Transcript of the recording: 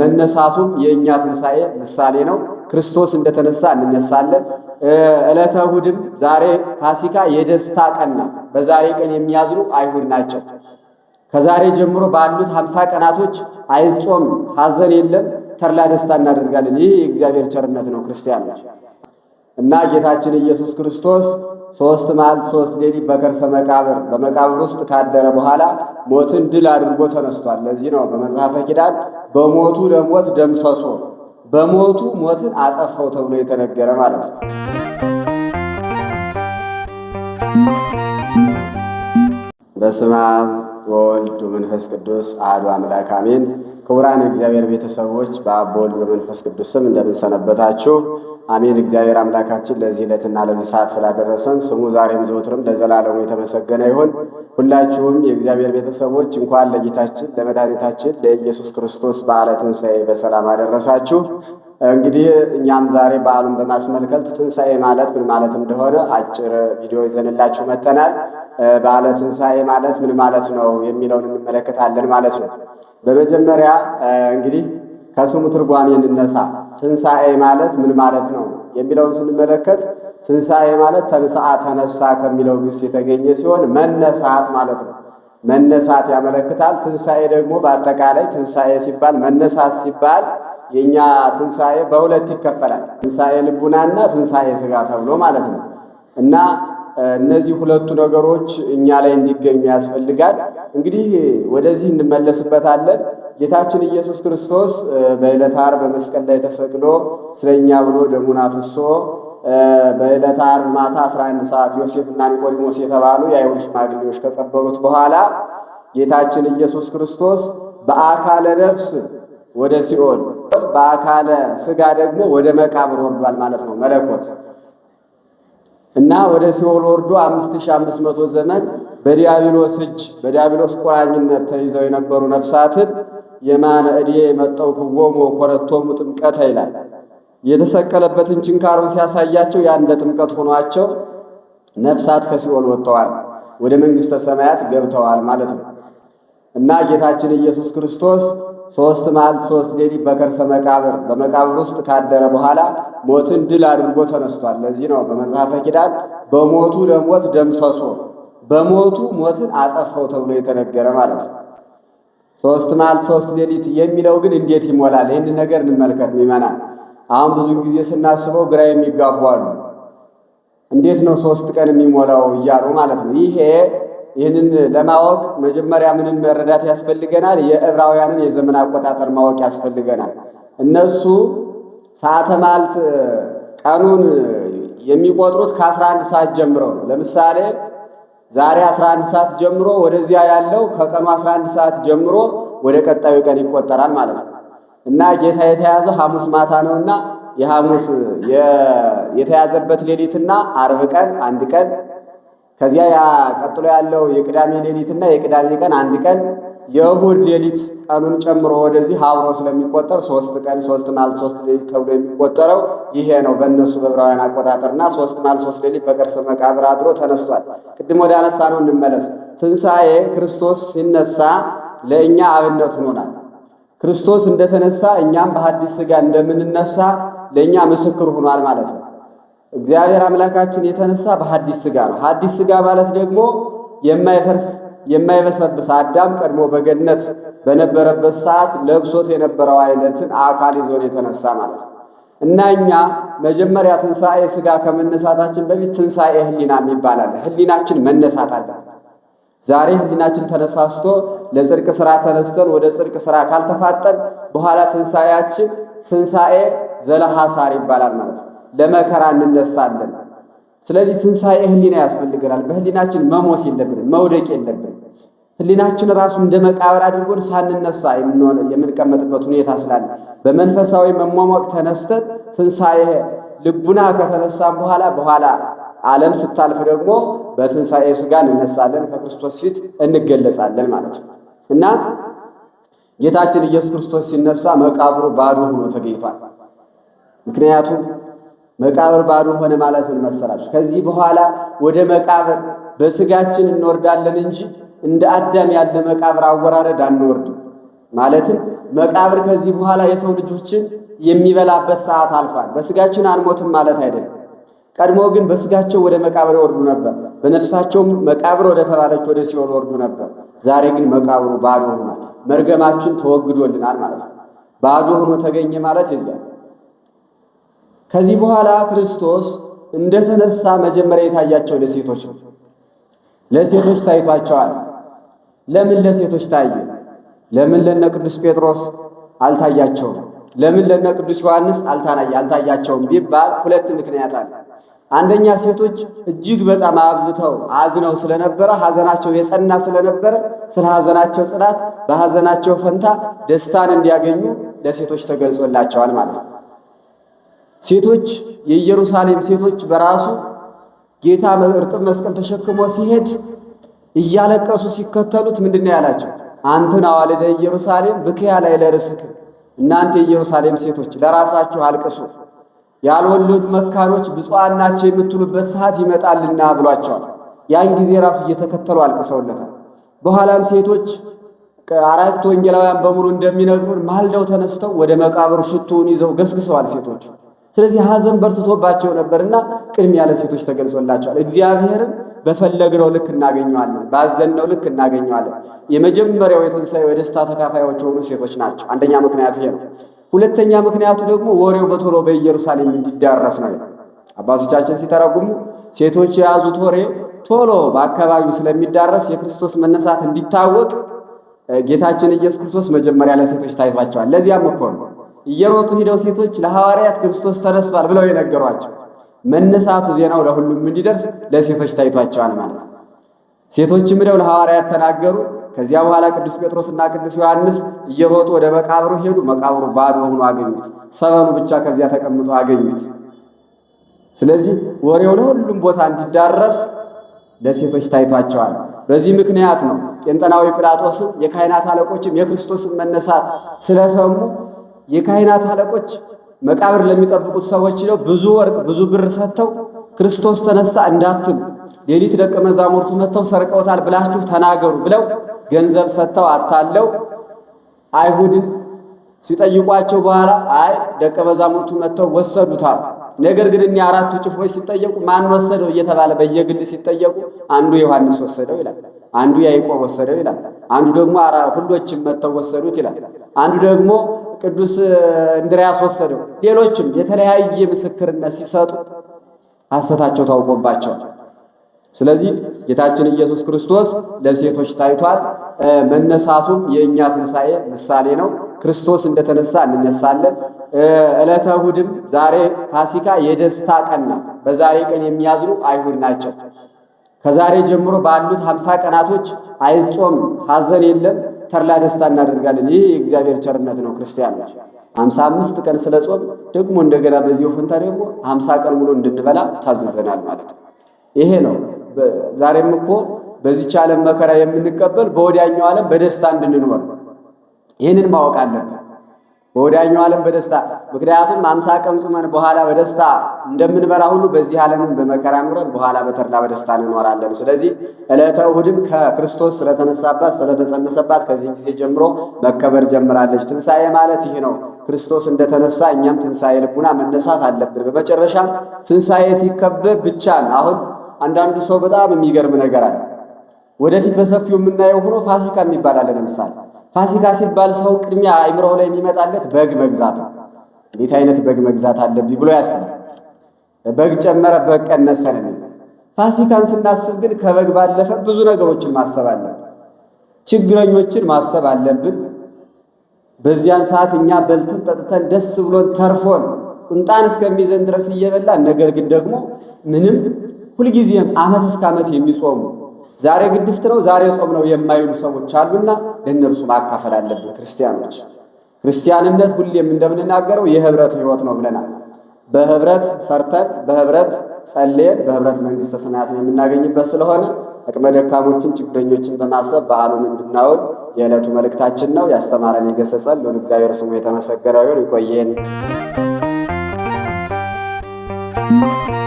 መነሳቱም የእኛ ትንሣኤ ምሳሌ ነው። ክርስቶስ እንደተነሳ እንነሳለን። ዕለተ እሑድም ዛሬ ፋሲካ የደስታ ቀን ናት። በዛሬ ቀን የሚያዝኑ አይሁድ ናቸው። ከዛሬ ጀምሮ ባሉት ሀምሳ ቀናቶች አይጾም፣ ሀዘን የለም፣ ተድላ ደስታ እናደርጋለን። ይህ የእግዚአብሔር ቸርነት ነው። ክርስቲያኖች እና ጌታችን ኢየሱስ ክርስቶስ ሶስት መዓልት ሶስት ሌሊት በከርሰ መቃብር በመቃብር ውስጥ ካደረ በኋላ ሞትን ድል አድርጎ ተነስቷል። ለዚህ ነው በመጽሐፈ ኪዳን በሞቱ ለሞት ደምሰሶ በሞቱ ሞትን አጠፋው ተብሎ የተነገረ ማለት ነው። በስመ አብ ወወልድ ወመንፈስ ቅዱስ አሐዱ አምላክ አሜን። ክቡራን እግዚአብሔር ቤተሰቦች በአብ ወልድ በመንፈስ ቅዱስ ስም እንደምንሰነበታችሁ አሜን። እግዚአብሔር አምላካችን ለዚህ ዕለትና ለዚህ ሰዓት ስላደረሰን ስሙ ዛሬም ዘወትርም ለዘላለሙ የተመሰገነ ይሁን። ሁላችሁም የእግዚአብሔር ቤተሰቦች እንኳን ለጌታችን ለመድኃኒታችን ለኢየሱስ ክርስቶስ በዓለ ትንሣኤ በሰላም አደረሳችሁ። እንግዲህ እኛም ዛሬ በዓሉን በማስመልከት ትንሣኤ ማለት ምን ማለት እንደሆነ አጭር ቪዲዮ ይዘንላችሁ መጥተናል። በዓለ ትንሣኤ ማለት ምን ማለት ነው የሚለውን እንመለከታለን ማለት ነው። በመጀመሪያ እንግዲህ ከስሙ ትርጓሜ እንነሳ። ትንሣኤ ማለት ምን ማለት ነው የሚለውን ስንመለከት ትንሣኤ ማለት ተንሳ ተነሳ ከሚለው ግስ የተገኘ ሲሆን መነሳት ማለት ነው። መነሳት ያመለክታል። ትንሣኤ ደግሞ በአጠቃላይ ትንሣኤ ሲባል መነሳት ሲባል የእኛ ትንሣኤ በሁለት ይከፈላል። ትንሣኤ ልቡናና ትንሣኤ ስጋ ተብሎ ማለት ነው እና እነዚህ ሁለቱ ነገሮች እኛ ላይ እንዲገኙ ያስፈልጋል። እንግዲህ ወደዚህ እንመለስበታለን። ጌታችን ኢየሱስ ክርስቶስ በዕለተ ዓርብ በመስቀል ላይ ተሰቅሎ ስለኛ ብሎ ደሙን አፍሶ በዕለተ ዓርብ ማታ 11 ሰዓት ዮሴፍና ኒቆዲሞስ የተባሉ የአይሁድ ሽማግሌዎች ከቀበሩት በኋላ ጌታችን ኢየሱስ ክርስቶስ በአካለ ነፍስ ወደ ሲኦል በአካለ ስጋ ደግሞ ወደ መቃብር ወርዷል ማለት ነው መለኮት እና ወደ ሲኦል ወርዶ 5500 ዘመን በዲያብሎስ እጅ በዲያብሎስ ቁራኝነት ተይዘው የነበሩ ነፍሳትን የማነ እድዬ የመጠው ክወሞ ኮረቶሙ ጥምቀተ ይላል። የተሰቀለበትን ችንካሩን ሲያሳያቸው ያን እንደ ጥምቀት ሆኗቸው ነፍሳት ከሲኦል ወጥተዋል፣ ወደ መንግሥተ ሰማያት ገብተዋል ማለት ነው እና ጌታችን ኢየሱስ ክርስቶስ ሶስት መዓልት ሶስት ሌሊት በከርሰ መቃብር በመቃብር ውስጥ ካደረ በኋላ ሞትን ድል አድርጎ ተነስቷል። ለዚህ ነው በመጽሐፈ ኪዳን በሞቱ ለሞት ደምሰሶ በሞቱ ሞትን አጠፈው ተብሎ የተነገረ ማለት ነው። ሶስት መዓልት ሶስት ሌሊት የሚለው ግን እንዴት ይሞላል? ይህንን ነገር እንመልከት። ይመናል አሁን ብዙ ጊዜ ስናስበው ግራ የሚጋቡ አሉ። እንዴት ነው ሶስት ቀን የሚሞላው እያሉ ማለት ነው። ይሄ ይህንን ለማወቅ መጀመሪያ ምንን መረዳት ያስፈልገናል? የዕብራውያንን የዘመን አቆጣጠር ማወቅ ያስፈልገናል። እነሱ ሰዓተ ማልት ቀኑን የሚቆጥሩት ከ11 ሰዓት ጀምሮ ነው። ለምሳሌ ዛሬ 11 ሰዓት ጀምሮ ወደዚያ ያለው ከቀኑ 11 ሰዓት ጀምሮ ወደ ቀጣዩ ቀን ይቆጠራል ማለት ነው እና ጌታ የተያዘ ሐሙስ ማታ ነውና የሐሙስ የተያዘበት ሌሊትና አርብ ቀን አንድ ቀን ከዚያ ያ ቀጥሎ ያለው የቅዳሜ ሌሊትና የቅዳሜ ቀን አንድ ቀን የእሁድ ሌሊት ቀኑን ጨምሮ ወደዚህ አብሮ ስለሚቆጠር ሶስት ቀን ሶስት መዓልት ሶስት ሌሊት ተብሎ የሚቆጠረው ይሄ ነው በእነሱ በዕብራውያን አቆጣጠርና ሶስት መዓልት ሶስት ሌሊት በከርሰ መቃብር አድሮ ተነስቷል። ቅድም ወደ አነሳ ነው እንመለስ። ትንሣኤ ክርስቶስ ሲነሳ ለእኛ አብነት ሆኖናል። ክርስቶስ እንደተነሳ እኛም በሐዲስ ሥጋ እንደምንነሳ ለእኛ ምስክር ሆኗል ማለት ነው። እግዚአብሔር አምላካችን የተነሳ በሐዲስ ሥጋ ነው። ሐዲስ ሥጋ ማለት ደግሞ የማይፈርስ የማይበሰብስ አዳም ቀድሞ በገነት በነበረበት ሰዓት ለብሶት የነበረው አይነትን አካል ይዞን የተነሳ ማለት ነው እና እኛ መጀመሪያ ትንሣኤ ሥጋ ከመነሳታችን በፊት ትንሣኤ ህሊና ይባላል። ህሊናችን መነሳት አለ። ዛሬ ህሊናችን ተነሳስቶ ለጽድቅ ስራ ተነስተን ወደ ጽድቅ ስራ ካልተፋጠን በኋላ ትንሣኤያችን ትንሣኤ ዘለሐሳር ይባላል ማለት ነው። ለመከራ እንነሳለን። ስለዚህ ትንሣኤ ህሊና ያስፈልገናል። በህሊናችን መሞት የለብንም፣ መውደቅ የለብንም። ህሊናችን ራሱ እንደ መቃብር አድርጎን ሳንነሳ የምንቀመጥበት ሁኔታ ስላለ በመንፈሳዊ መሟሟቅ ተነስተን ትንሣኤ ልቡና ከተነሳን በኋላ በኋላ ዓለም ስታልፍ ደግሞ በትንሣኤ ስጋ እንነሳለን፣ ከክርስቶስ ፊት እንገለጻለን ማለት ነው እና ጌታችን ኢየሱስ ክርስቶስ ሲነሳ መቃብሩ ባዶ ሆኖ ተገኝቷል። ምክንያቱም መቃብር ባዶ ሆነ ማለት ምን መሰላችሁ? ከዚህ በኋላ ወደ መቃብር በስጋችን እንወርዳለን እንጂ እንደ አዳም ያለ መቃብር አወራረድ አንወርድም። ማለትም መቃብር ከዚህ በኋላ የሰው ልጆችን የሚበላበት ሰዓት አልፏል። በስጋችን አንሞትም ማለት አይደለም። ቀድሞ ግን በስጋቸው ወደ መቃብር ይወርዱ ነበር፣ በነፍሳቸውም መቃብር ወደ ተባለች ወደ ሲኦል ወርዱ ነበር። ዛሬ ግን መቃብሩ ባዶ ሆኗል። መርገማችን ተወግዶልናል ማለት ነው። ባዶ ሆኖ ተገኘ ማለት ይዛል ከዚህ በኋላ ክርስቶስ እንደተነሳ መጀመሪያ የታያቸው ለሴቶች ነው። ለሴቶች ታይቷቸዋል። ለምን ለሴቶች ታየ? ለምን ለነ ቅዱስ ጴጥሮስ አልታያቸውም? ለምን ለነ ቅዱስ ዮሐንስ አልታያቸውም ቢባል ሁለት ምክንያት አለ። አንደኛ ሴቶች እጅግ በጣም አብዝተው አዝነው ስለነበረ ሐዘናቸው የጸና ስለነበረ ስለ ሐዘናቸው ጽናት በሐዘናቸው ፈንታ ደስታን እንዲያገኙ ለሴቶች ተገልጾላቸዋል ማለት ነው። ሴቶች የኢየሩሳሌም ሴቶች በራሱ ጌታ እርጥብ መስቀል ተሸክሞ ሲሄድ እያለቀሱ ሲከተሉት ምንድን ነው ያላቸው? አንትን አዋልደ ኢየሩሳሌም ብክያ ላይ ለርስክ እናንተ የኢየሩሳሌም ሴቶች ለራሳችሁ አልቅሱ፣ ያልወለዱ መካኖች ብፁዓን ናቸው የምትሉበት ሰዓት ይመጣልና ብሏቸዋል። ያን ጊዜ ራሱ እየተከተሉ አልቅሰውለታል። በኋላም ሴቶች አራት ወንጌላውያን በሙሉ እንደሚነግሩን ማልደው ተነስተው ወደ መቃብር ሽቱን ይዘው ገስግሰዋል ሴቶቹ ስለዚህ ሐዘን በርትቶባቸው ነበርና ቅድሚያ ለሴቶች ተገልጾላቸዋል። እግዚአብሔርም በፈለግነው ልክ እናገኘዋለን፣ ባዘነው ልክ እናገኘዋለን። የመጀመሪያው የትንሣኤው የደስታ ተካፋዮች የሆኑ ሴቶች ናቸው። አንደኛ ምክንያቱ ይሄ ነው። ሁለተኛ ምክንያቱ ደግሞ ወሬው በቶሎ በኢየሩሳሌም እንዲዳረስ ነው። አባቶቻችን ሲተረጉሙ ሴቶች የያዙት ወሬ ቶሎ በአካባቢው ስለሚዳረስ የክርስቶስ መነሳት እንዲታወቅ ጌታችን ኢየሱስ ክርስቶስ መጀመሪያ ለሴቶች ታይቷቸዋል። ለዚያም እኮ ነው እየሮጡ ሂደው ሴቶች ለሐዋርያት ክርስቶስ ተነስቷል ብለው የነገሯቸው መነሳቱ ዜናው ለሁሉም እንዲደርስ ለሴቶች ታይቷቸዋል ማለት ነው። ሴቶችም ሄደው ለሐዋርያት ተናገሩ። ከዚያ በኋላ ቅዱስ ጴጥሮስና ቅዱስ ዮሐንስ እየሮጡ ወደ መቃብሩ ሄዱ። መቃብሩ ባዶ ሆኖ አገኙት። ሰበኑ ብቻ ከዚያ ተቀምጦ አገኙት። ስለዚህ ወሬው ለሁሉም ቦታ እንዲዳረስ ለሴቶች ታይቷቸዋል። በዚህ ምክንያት ነው ጴንጠናዊ ጲላጦስም የካህናት አለቆችም የክርስቶስን መነሳት ስለሰሙ የካህናት አለቆች መቃብር ለሚጠብቁት ሰዎች ነው ብዙ ወርቅ ብዙ ብር ሰጥተው ክርስቶስ ተነሳ እንዳትሉ ሌሊት ደቀ መዛሙርቱ መጥተው ሰርቀውታል ብላችሁ ተናገሩ ብለው ገንዘብ ሰጥተው አታለው አይሁድን ሲጠይቋቸው በኋላ አይ ደቀ መዛሙርቱ መጥተው ወሰዱታል። ነገር ግን እኒ አራቱ ጭፎች ሲጠየቁ ማን ወሰደው እየተባለ በየግል ሲጠየቁ አንዱ ዮሐንስ ወሰደው ይላል፣ አንዱ ያይቆ ወሰደው ይላል፣ አንዱ ደግሞ ሁሎችም መጥተው ወሰዱት ይላል፣ አንዱ ደግሞ ቅዱስ እንድርያስ ወሰደው። ሌሎችም የተለያየ ምስክርነት ሲሰጡ ሐሰታቸው ታውቆባቸዋል። ስለዚህ ጌታችን ኢየሱስ ክርስቶስ ለሴቶች ታይቷል። መነሳቱም የእኛ ትንሣኤ ምሳሌ ነው። ክርስቶስ እንደተነሳ እንነሳለን። ዕለተ እሑድም ዛሬ ፋሲካ የደስታ ቀን ነው። በዛሬ ቀን የሚያዝኑ አይሁድ ናቸው። ከዛሬ ጀምሮ ባሉት ሀምሳ ቀናቶች አይጾም፣ ሀዘን የለም ተርላ ደስታ እናደርጋለን። ይህ የእግዚአብሔር ቸርነት ነው። ክርስቲያኖች ሀምሳ አምስት ቀን ስለ ጾም ደግሞ እንደገና በዚህ ፈንታ ደግሞ ሀምሳ ቀን ሙሉ እንድንበላ ታዘዘናል ማለት ነው። ይሄ ነው ዛሬም እኮ በዚች ዓለም መከራ የምንቀበል በወዲያኛው ዓለም በደስታ እንድንኖር ይህንን ማወቅ አለብን። በወዳኛው ዓለም በደስታ ምክንያቱም አምሳ ቀን ጾመን በኋላ በደስታ እንደምንበላ ሁሉ በዚህ ዓለምን በመከራ ኑረን በኋላ በተድላ በደስታ እንኖራለን። ስለዚህ ዕለተ እሑድም ከክርስቶስ ስለተነሳባት ስለተጸነሰባት ከዚህ ጊዜ ጀምሮ መከበር ጀምራለች። ትንሣኤ ማለት ይህ ነው። ክርስቶስ እንደተነሳ እኛም ትንሣኤ ልቡና መነሳት አለብን። በመጨረሻ ትንሣኤ ሲከበር ብቻ አሁን አንዳንዱ ሰው በጣም የሚገርም ነገር አለ። ወደፊት በሰፊው የምናየው ሆኖ ፋሲካ የሚባል አለ ለምሳሌ ፋሲካ ሲባል ሰው ቅድሚያ አይምሮ ላይ የሚመጣለት በግ መግዛት ነው። እንዴት አይነት በግ መግዛት አለብኝ ብሎ ያስባል። በግ ጨመረ፣ በግ ቀነሰ ነው። ፋሲካን ስናስብ ግን ከበግ ባለፈ ብዙ ነገሮችን ማሰብ አለብን። ችግረኞችን ማሰብ አለብን። በዚያን ሰዓት እኛ በልተን ጠጥተን ደስ ብሎን ተርፎን ቁንጣን እስከሚዘን ድረስ እየበላን ነገር ግን ደግሞ ምንም ሁልጊዜም ዓመት እስከ ዓመት የሚጾሙ ዛሬ ግድፍት ነው፣ ዛሬ ጾም ነው የማይሉ ሰዎች አሉና ለእነርሱ ማካፈል አለብን። ክርስቲያኖች ክርስቲያንነት ሁሌም እንደምንናገረው የህብረት ህይወት ነው ብለናል። በህብረት ሰርተን በህብረት ጸልየን፣ በህብረት መንግስተ ሰማያትን የምናገኝበት ስለሆነ አቅመ ደካሞችን፣ ችግረኞችን በማሰብ በዓሉን እንድናውል የዕለቱ መልእክታችን ነው። ያስተማረን የገሰጸን ለሁሉ እግዚአብሔር ስሙ የተመሰገነ ይሁን። ይቆየን።